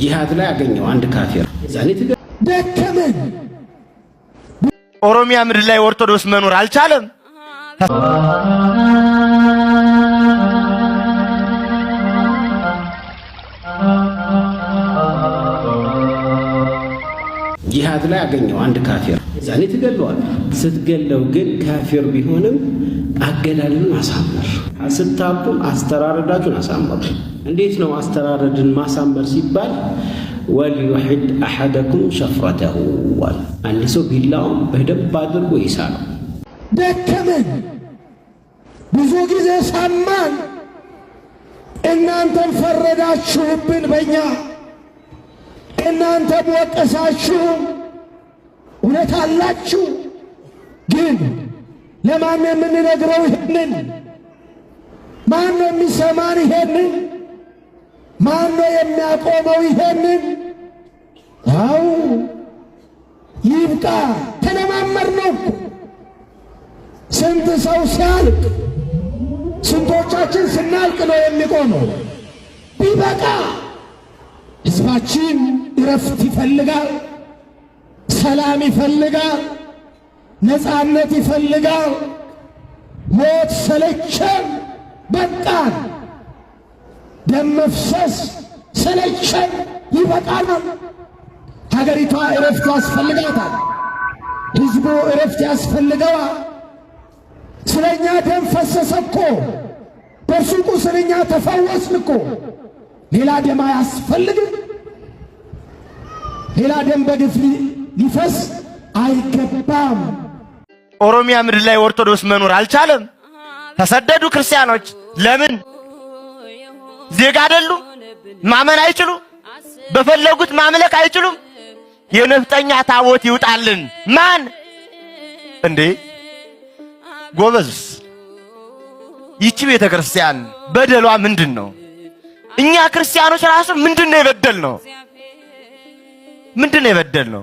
ጂሃድ ላይ አገኘው አንድ ካፊር ዛኔ ደከመን። ኦሮሚያ ምድር ላይ ኦርቶዶክስ መኖር አልቻለም። ጂሃድ ላይ አገኘው አንድ ካፊር ዛኔ ትገለዋል። ስትገለው ግን ካፊር ቢሆንም አገዳልን አሳምር፣ ስታብጡም አስተራረዳችሁን አሳምር። እንዴት ነው አስተራረድን ማሳመር ሲባል ወልዩሕድ አሐደኩም ሸፍረተሁ ዋል አንድ ሰው ቢላውም በደንብ አድርጎ ይሳለው። ደከመን ብዙ ጊዜ ሳማን፣ እናንተም ፈረዳችሁብን በእኛ እናንተም ወቀሳችሁ። እውነት አላችሁ፣ ግን ለማን የምንነግረው ይሄንን? ማን ነው የሚሰማን ይሄንን? ማን ነው የሚያቆመው ይሄንን? አው ይብቃ። ተለማመር ነው። ስንት ሰው ሲያልቅ፣ ስንቶቻችን ስናልቅ ነው የሚቆመው? ቢበቃ። ሕዝባችን እረፍት ይፈልጋል፣ ሰላም ይፈልጋል፣ ነፃነት ይፈልጋል። ሞት ሰለቸን፣ በቃን። ደም መፍሰስ ስለቸን ይበቃናል። ሀገሪቷ እረፍት ያስፈልጋታል። ህዝቡ እረፍት ስለ እኛ ደም ፈሰሰ እኮ በሱቁ እኛ ተፈወስን እኮ ሌላ ደም አያስፈልግም። ሌላ ደም በግፍ ሊፈስ አይገባም። ኦሮሚያ ምድር ላይ ኦርቶዶክስ መኖር አልቻለም። ተሰደዱ ክርስቲያኖች ለምን? ዜጋ አይደሉም። ማመን አይችሉም። በፈለጉት ማምለክ አይችሉም። የነፍጠኛ ታቦት ይውጣልን። ማን እንዴ ጎበዝ፣ ይቺ ቤተ ክርስቲያን በደሏ ምንድን ነው? እኛ ክርስቲያኖች ራሱ ምንድን ነው የበደል ነው? ምንድን ነው የበደል ነው?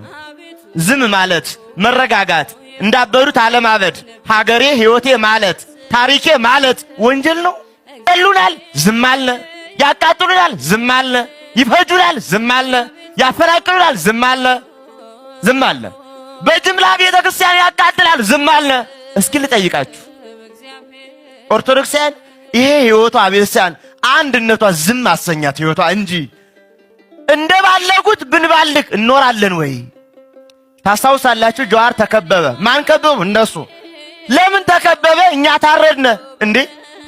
ዝም ማለት፣ መረጋጋት፣ እንዳበዱት አለማበድ፣ ሀገሬ ህይወቴ ማለት፣ ታሪኬ ማለት ወንጀል ነው። ይሉናል፣ ዝም አለ። ያቃጥሉናል፣ ዝም አለ። ይፈጁናል፣ ዝም አለ። ያፈናቅሉናል፣ ዝም አለ። ዝም አለ። በጅምላ ቤተ ክርስቲያን ያቃጥላል፣ ዝም አለ። እስኪ ልጠይቃችሁ ኦርቶዶክሳን ይሄ ህይወቷ ቤተክርስቲያን አንድነቷ ዝም አሰኛት ህይወቷ እንጂ እንደ ባለጉት ብንባልግ እኖራለን ወይ? ታስታውሳላችሁ፣ ጀዋር ተከበበ። ማን ከበቡ? እነሱ። ለምን ተከበበ? እኛ ታረድነ እንዴ?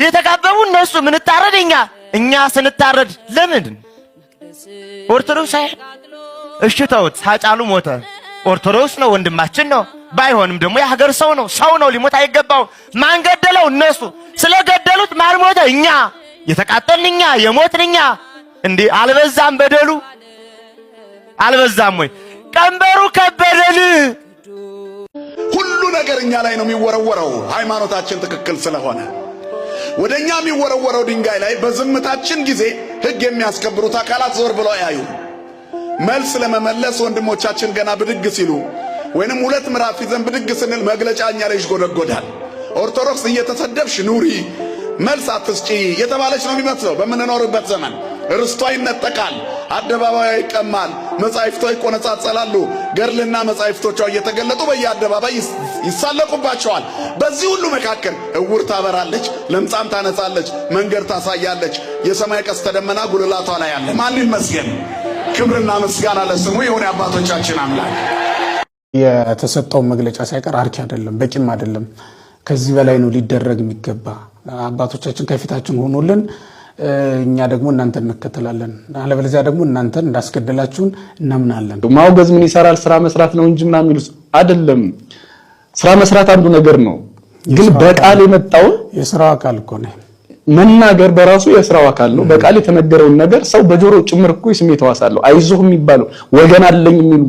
የተከበቡ እነሱ፣ ምንታረድ እኛ እኛ ስንታረድ ለምንድን ኦርቶዶክስ አይ እሺ ተውት። ሳጫሉ ሞተ። ኦርቶዶክስ ነው፣ ወንድማችን ነው። ባይሆንም ደግሞ የሀገር ሰው ነው፣ ሰው ነው፣ ሊሞት አይገባው። ማን ገደለው? እነሱ ስለገደሉት ማን ሞተ? እኛ የተቃጠልን እኛ የሞትን እኛ። እንዴ አልበዛም? በደሉ አልበዛም ወይ? ቀንበሩ ከበደን። ሁሉ ነገር እኛ ላይ ነው የሚወረወረው፣ ሃይማኖታችን ትክክል ስለሆነ ወደኛ የሚወረወረው ድንጋይ ላይ በዝምታችን ጊዜ ሕግ የሚያስከብሩት አካላት ዞር ብለው ያዩ። መልስ ለመመለስ ወንድሞቻችን ገና ብድግ ሲሉ ወይንም ሁለት ምዕራፍ ይዘን ብድግ ስንል መግለጫ እኛ ላይ ይጎደጎዳል። ኦርቶዶክስ እየተሰደብሽ ኑሪ መልስ አትስጪ የተባለች ነው የሚመስለው። በምንኖርበት ዘመን ርስቷ ይነጠቃል፣ አደባባዩ ይቀማል። መጻሕፍቷ ይቆነጻጸላሉ። ገድልና መጻሕፍቶቿ እየተገለጡ በየአደባባይ ይሳለቁባቸዋል። በዚህ ሁሉ መካከል እውር ታበራለች፣ ለምጻም ታነጻለች፣ መንገድ ታሳያለች። የሰማይ ቀስተ ደመና ጉልላቷ ላይ አለ። ማን ይመስገን? ክብርና ምስጋና ለስሙ የሆነ አባቶቻችን አምላክ የተሰጠውን መግለጫ ሳይቀር አርኪ አይደለም፣ በቂም አይደለም። ከዚህ በላይ ነው ሊደረግ የሚገባ አባቶቻችን ከፊታችን ሆኖልን እኛ ደግሞ እናንተ እንከተላለን፣ አለበለዚያ ደግሞ እናንተ እንዳስገደላችሁን እናምናለን። ማውገዝ ምን ይሰራል? ስራ መስራት ነው እንጂ ምናምን ይሉስ አይደለም። ስራ መስራት አንዱ ነገር ነው፣ ግን በቃል የመጣውን የስራው አካል እኮ ነው መናገር በራሱ የስራው አካል ነው። በቃል የተነገረውን ነገር ሰው በጆሮ ጭምር እኮ ስሜት ዋሳለሁ። አይዞህ የሚባለው ወገን አለኝ የሚሉ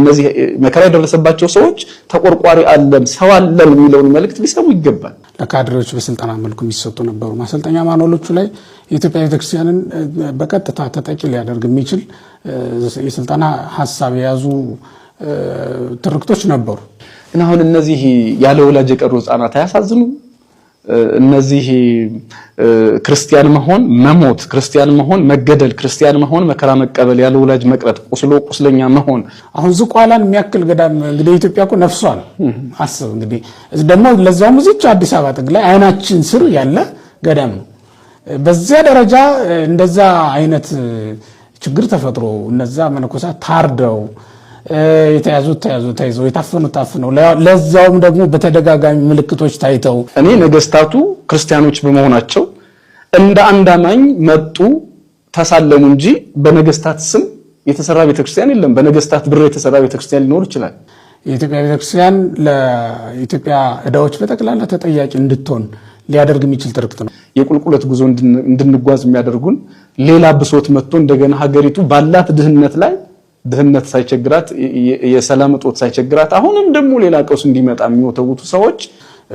እነዚህ መከራ የደረሰባቸው ሰዎች ተቆርቋሪ አለን ሰው አለን የሚለውን መልእክት ሊሰሙ ይገባል። በካድሬዎች በስልጠና መልኩ የሚሰጡ ነበሩ። ማሰልጠኛ ማኖሎቹ ላይ የኢትዮጵያ ቤተክርስቲያንን በቀጥታ ተጠቂ ሊያደርግ የሚችል የስልጠና ሀሳብ የያዙ ትርክቶች ነበሩ እና አሁን እነዚህ ያለ ወላጅ የቀሩ ህጻናት አያሳዝኑ? እነዚህ ክርስቲያን መሆን መሞት፣ ክርስቲያን መሆን መገደል፣ ክርስቲያን መሆን መከራ መቀበል፣ ያለ ወላጅ መቅረት፣ ቁስሎ ቁስለኛ መሆን። አሁን ዝቋላን የሚያክል ገዳም እንግዲህ ኢትዮጵያ እኮ ነፍሷል። አስብ እንግዲህ ደግሞ ለዛውም እዚች አዲስ አበባ ጥግ ላይ አይናችን ስር ያለ ገዳም ነው። በዚያ ደረጃ እንደዛ አይነት ችግር ተፈጥሮ እነዛ መነኮሳት ታርደው የተያዙት ተያዙ ተይዘው የታፈኑት ታፍኑ፣ ለዛውም ደግሞ በተደጋጋሚ ምልክቶች ታይተው እኔ ነገስታቱ ክርስቲያኖች በመሆናቸው እንደ አንድ አማኝ መጡ ተሳለሙ እንጂ በነገስታት ስም የተሰራ ቤተክርስቲያን የለም። በነገስታት ብር የተሰራ ቤተክርስቲያን ሊኖር ይችላል። የኢትዮጵያ ቤተክርስቲያን ለኢትዮጵያ እዳዎች በጠቅላላ ተጠያቂ እንድትሆን ሊያደርግ የሚችል ትርክት ነው። የቁልቁለት ጉዞ እንድንጓዝ የሚያደርጉን ሌላ ብሶት መጥቶ እንደገና ሀገሪቱ ባላት ድህነት ላይ ድህነት ሳይቸግራት የሰላም እጦት ሳይቸግራት አሁንም ደግሞ ሌላ ቀውስ እንዲመጣ የሚወተውቱ ሰዎች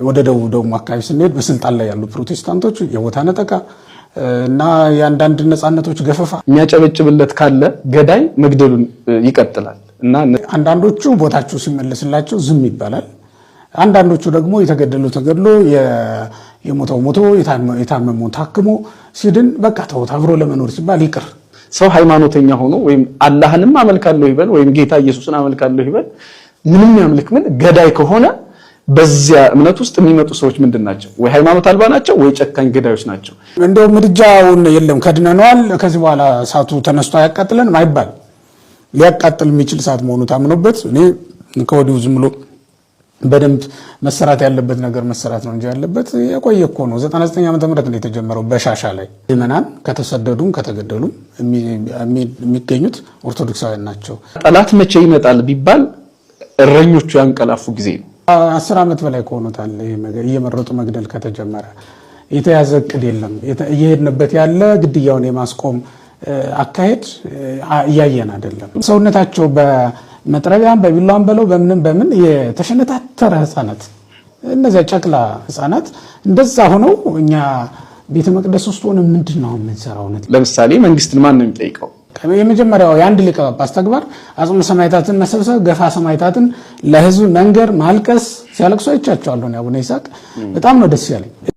ወደ ደቡብ ደግሞ አካባቢ ስንሄድ በስልጣን ላይ ያሉ ፕሮቴስታንቶች የቦታ ነጠቃ እና የአንዳንድ ነፃነቶች ገፈፋ የሚያጨበጭብለት ካለ ገዳይ መግደሉን ይቀጥላል እና አንዳንዶቹ ቦታቸው ሲመለስላቸው ዝም ይባላል። አንዳንዶቹ ደግሞ የተገደለው ተገድሎ የሞተው ሞቶ የታመመው ታክሞ ሲድን በቃ ተውት አብሮ ለመኖር ሲባል ይቅር ሰው ሃይማኖተኛ ሆኖ ወይም አላህንም አመልካለሁ ይበል ወይም ጌታ ኢየሱስን አመልካለሁ ይበል ምንም ያምልክ ምን ገዳይ ከሆነ በዚያ እምነት ውስጥ የሚመጡ ሰዎች ምንድን ናቸው? ወይ ሃይማኖት አልባ ናቸው፣ ወይ ጨካኝ ገዳዮች ናቸው። እንደው ምድጃውን የለም ከድነነዋል፣ ከዚህ በኋላ እሳቱ ተነስቶ አያቃጥለን አይባል። ሊያቃጥል የሚችል እሳት መሆኑ ታምኖበት እኔ ከወዲሁ ዝም ብሎ በደንብ መሰራት ያለበት ነገር መሰራት ነው እንጂ ያለበት የቆየ እኮ ነው። 99 ዓመተ ምህረት ነው የተጀመረው በሻሻ ላይ። ምዕመናን ከተሰደዱም ከተገደሉም የሚገኙት ኦርቶዶክሳውያን ናቸው። ጠላት መቼ ይመጣል ቢባል እረኞቹ ያንቀላፉ ጊዜ ነው። አስር ዓመት በላይ ከሆኑታል እየመረጡ መግደል ከተጀመረ። የተያዘ እቅድ የለም። እየሄድንበት ያለ ግድያውን የማስቆም አካሄድ እያየን አይደለም። ሰውነታቸው መጥረቢያን በቢላዋን በለው በምንም በምን የተሸነታተረ ህፃናት እነዚያ ጨቅላ ህፃናት እንደዛ ሆነው እኛ ቤተ መቅደስ ውስጥ ሆነ ምንድን ነው የምንሰራው? ለምሳሌ መንግስትን ማን ነው የሚጠይቀው? የመጀመሪያው የአንድ ሊቀ ጳጳስ ተግባር አጽሙ ሰማይታትን መሰብሰብ፣ ገፋ ሰማይታትን ለህዝብ መንገር፣ ማልቀስ። ሲያለቅሶ አይቻቸዋለሁ። አቡነ ይስሐቅ በጣም ነው ደስ ያለኝ።